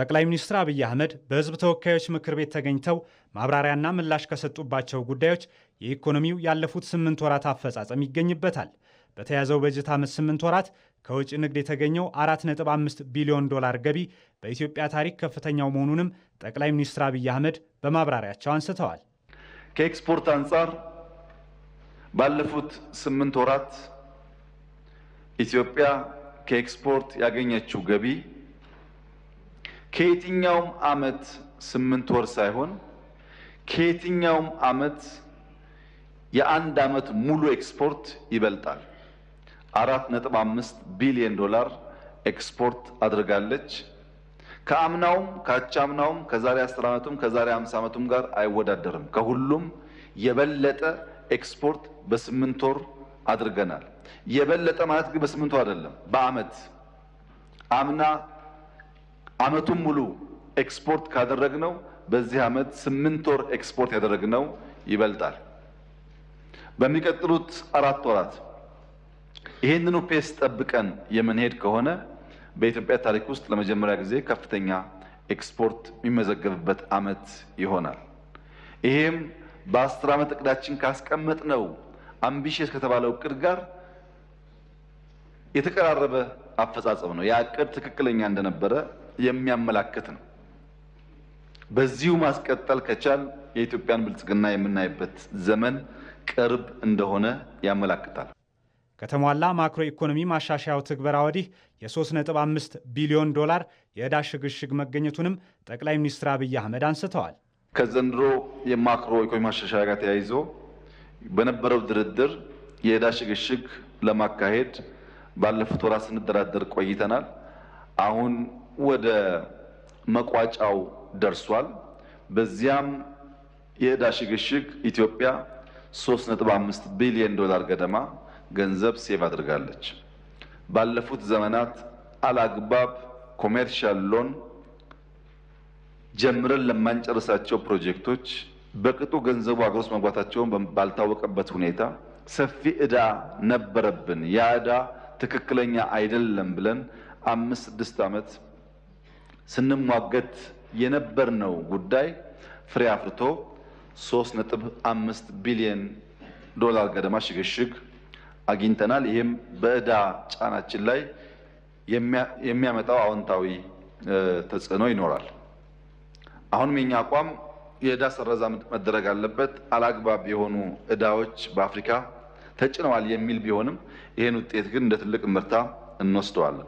ጠቅላይ ሚኒስትር አብይ አህመድ በህዝብ ተወካዮች ምክር ቤት ተገኝተው ማብራሪያና ምላሽ ከሰጡባቸው ጉዳዮች የኢኮኖሚው ያለፉት ስምንት ወራት አፈጻጸም ይገኝበታል። በተያዘው በጀት ዓመት ስምንት ወራት ከውጭ ንግድ የተገኘው 4.5 ቢሊዮን ዶላር ገቢ በኢትዮጵያ ታሪክ ከፍተኛው መሆኑንም ጠቅላይ ሚኒስትር አብይ አህመድ በማብራሪያቸው አንስተዋል። ከኤክስፖርት አንጻር ባለፉት ስምንት ወራት ኢትዮጵያ ከኤክስፖርት ያገኘችው ገቢ ከየትኛውም ዓመት ስምንት ወር ሳይሆን ከየትኛውም ዓመት የአንድ ዓመት ሙሉ ኤክስፖርት ይበልጣል። አራት ነጥብ አምስት ቢሊዮን ዶላር ኤክስፖርት አድርጋለች። ከአምናውም ከአቻምናውም ከዛሬ አስር ዓመቱም ከዛሬ ሃምሳ ዓመቱም ጋር አይወዳደርም። ከሁሉም የበለጠ ኤክስፖርት በስምንት ወር አድርገናል። የበለጠ ማለት ግን በስምንት ወር አይደለም፣ በአመት አምና አመቱን ሙሉ ኤክስፖርት ካደረግነው በዚህ አመት ስምንት ወር ኤክስፖርት ያደረግነው ይበልጣል። በሚቀጥሉት አራት ወራት ይህንኑ ፔስ ጠብቀን የምንሄድ ከሆነ በኢትዮጵያ ታሪክ ውስጥ ለመጀመሪያ ጊዜ ከፍተኛ ኤክስፖርት የሚመዘገብበት አመት ይሆናል። ይሄም በአስር ዓመት እቅዳችን ካስቀመጥነው አምቢሽስ ከተባለው እቅድ ጋር የተቀራረበ አፈጻጸም ነው። ያ እቅድ ትክክለኛ እንደነበረ የሚያመላክት ነው። በዚሁ ማስቀጠል ከቻል የኢትዮጵያን ብልጽግና የምናይበት ዘመን ቅርብ እንደሆነ ያመላክታል። ከተሟላ ማክሮ ኢኮኖሚ ማሻሻያው ትግበራ ወዲህ የ3.5 ቢሊዮን ዶላር የዕዳ ሽግሽግ መገኘቱንም ጠቅላይ ሚኒስትር አብይ አህመድ አንስተዋል። ከዘንድሮ የማክሮ ኢኮኖሚ ማሻሻያ ጋር ተያይዞ በነበረው ድርድር የዕዳ ሽግሽግ ለማካሄድ ባለፉት ወራት ስንደራደር ቆይተናል። አሁን ወደ መቋጫው ደርሷል። በዚያም የዕዳ ሽግሽግ ኢትዮጵያ 3.5 ቢሊዮን ዶላር ገደማ ገንዘብ ሴቭ አድርጋለች። ባለፉት ዘመናት አላግባብ ኮሜርሻል ሎን ጀምረን ለማንጨርሳቸው ፕሮጀክቶች በቅጡ ገንዘቡ አገር ውስጥ መግባታቸውን ባልታወቀበት ሁኔታ ሰፊ ዕዳ ነበረብን። ያ ዕዳ ትክክለኛ አይደለም ብለን አምስት ስድስት ዓመት ስንሟገት የነበርነው ጉዳይ ፍሬ አፍርቶ 3.5 ቢሊዮን ዶላር ገደማ ሽግሽግ አግኝተናል። ይህም በእዳ ጫናችን ላይ የሚያመጣው አዎንታዊ ተጽዕኖ ይኖራል። አሁንም የኛ አቋም የእዳ ሰረዛ መደረግ አለበት፣ አላግባብ የሆኑ እዳዎች በአፍሪካ ተጭነዋል የሚል ቢሆንም ይህን ውጤት ግን እንደ ትልቅ ምርታ እንወስደዋለን።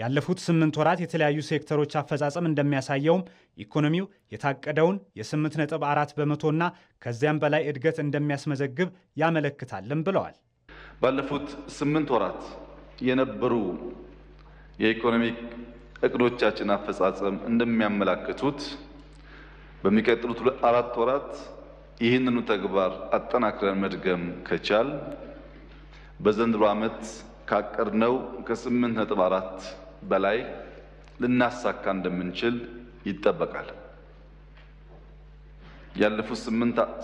ያለፉት ስምንት ወራት የተለያዩ ሴክተሮች አፈጻጸም እንደሚያሳየውም ኢኮኖሚው የታቀደውን የ8.4 በመቶና ከዚያም በላይ እድገት እንደሚያስመዘግብ ያመለክታልም ብለዋል። ባለፉት ስምንት ወራት የነበሩ የኢኮኖሚ እቅዶቻችን አፈጻጸም እንደሚያመላክቱት በሚቀጥሉት አራት ወራት ይህንኑ ተግባር አጠናክረን መድገም ከቻል በዘንድሮ ዓመት ካቀድነው ከስምንት ነጥብ አራት በላይ ልናሳካ እንደምንችል ይጠበቃል። ያለፉት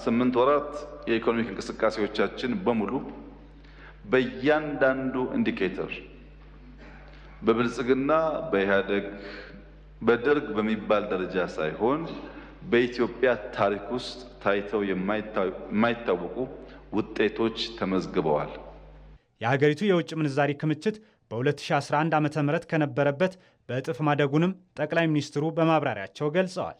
ስምንት ወራት የኢኮኖሚክ እንቅስቃሴዎቻችን በሙሉ በእያንዳንዱ ኢንዲኬተር በብልጽግና በኢህአደግ በደርግ በሚባል ደረጃ ሳይሆን በኢትዮጵያ ታሪክ ውስጥ ታይተው የማይታወቁ ውጤቶች ተመዝግበዋል። የሀገሪቱ የውጭ ምንዛሪ ክምችት በ2011 ዓ ም ከነበረበት በእጥፍ ማደጉንም ጠቅላይ ሚኒስትሩ በማብራሪያቸው ገልጸዋል።